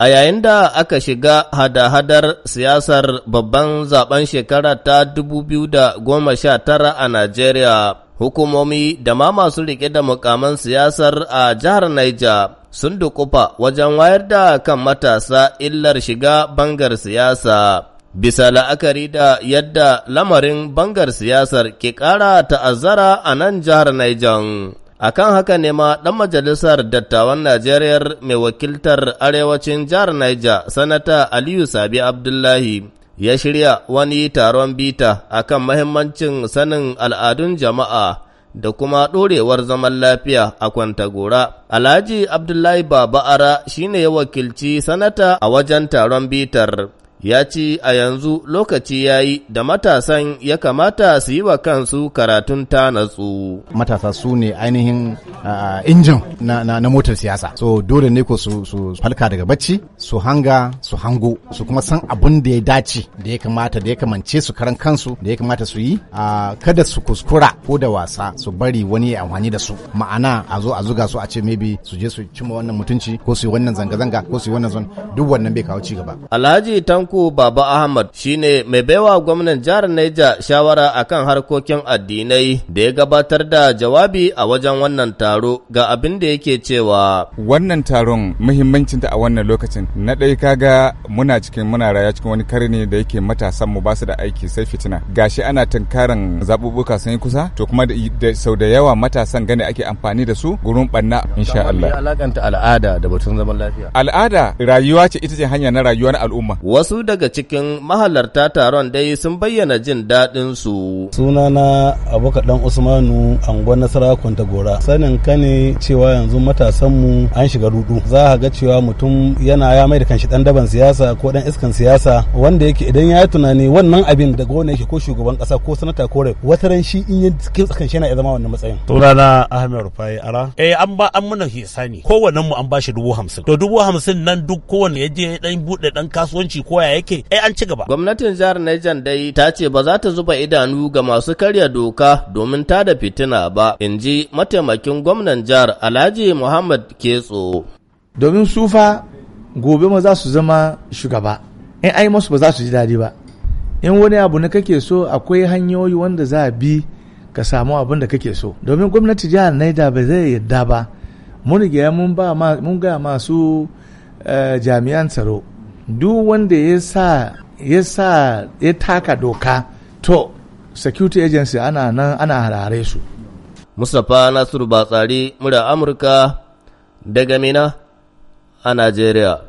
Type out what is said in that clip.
A yayin da aka shiga hada-hadar siyasar babban zaben shekara ta 2019 a Najeriya, hukumomi da ma masu riƙe da mukaman siyasar a jihar Niger sun dukufa wajen wayar da kan matasa illar shiga bangar siyasa. Bisa la'akari da yadda lamarin bangar siyasar ke ƙara ta'azzara a nan jihar Niger. A kan haka ne ma ɗan majalisar dattawan Najeriya mai wakiltar arewacin jihar Niger, Sanata Aliyu Sabi Abdullahi, ya shirya wani taron bita a kan mahimmancin sanin al'adun jama'a da kuma ɗorewar zaman lafiya a Kwantagora. Alhaji Abdullahi Baba'ara shi ne ya wakilci Sanata a wajen taron bitar. ya ce a yanzu lokaci ya yi da matasan ya kamata su yi wa kansu karatun ta natsu. Matasa su ne ainihin injin na, motar siyasa. So dole ne ko su, falka daga bacci, su hanga, su hango, su kuma san abin da ya dace da ya kamata da ya kamance su karan kansu da ya kamata su yi. kada su kuskura ko da wasa su bari wani ya amfani da su. Ma'ana a zo a zuga su a ce maybe su je su cimma wannan mutunci ko su yi wannan zanga-zanga ko su yi wannan zon duk wannan bai kawo ci gaba. Alhaji Tanko Tanko Baba Ahmad shine mai baiwa gwamnan jihar Neja shawara akan harkokin addinai da ya gabatar da jawabi a wajen wannan taro ga abin da yake cewa. Wannan taron muhimmancinta a wannan lokacin na ɗaya kaga muna cikin muna raya cikin wani ne da yake matasan mu ba su da aiki sai fitina. Gashi ana tunkaran zaɓuɓɓuka sun yi kusa to kuma da sau da yawa matasan gane ake amfani da su gurin ɓanna insha Allah. al'ada da batun zaman lafiya. Al'ada rayuwa ce ita ce hanya na rayuwar al'umma. Wasu daga cikin mahalarta taron dai sun bayyana jin daɗin su. Sunana abokan Dan Usmanu Angon Nasara gora. Sanin ka ne cewa yanzu matasanmu an shiga rudu. Za ga cewa mutum yana ya mai da kanshi dan daban siyasa ko dan iskan siyasa wanda yake idan ya yi tunani wannan abin daga wani yake ko shugaban kasa ko sanata ko rai wata ran shi in ya tsakan shi yana ya zama wannan matsayin. Sunana Ahmed Rufai Ara. Eh an ba an muna hisani. Kowannen mu an ba shi dubu hamsin. To dubu hamsin nan duk kowanne ya je dan buɗe dan kasuwanci ko ya yake ai eh, an ci gaba gwamnatin jihar Niger dai ta ce ba za ta zuba idanu ga masu karya doka domin ta da fitina ba in ji mataimakin gwamnan jihar Alhaji Muhammad Ketso domin sufa gobe ma za su zama shugaba in ai masu ba za su ji daɗi ba in wani abu na kake so akwai hanyoyi wanda za a bi ka samu abin da kake so domin gwamnati jihar Niger ba zai yadda ba mun mun ba mun ga masu eh, jami'an tsaro duk wanda ya sa ya taka doka to security agency ana nan ana harare su mustapha nasiru batsari mura amurka daga mina a najeriya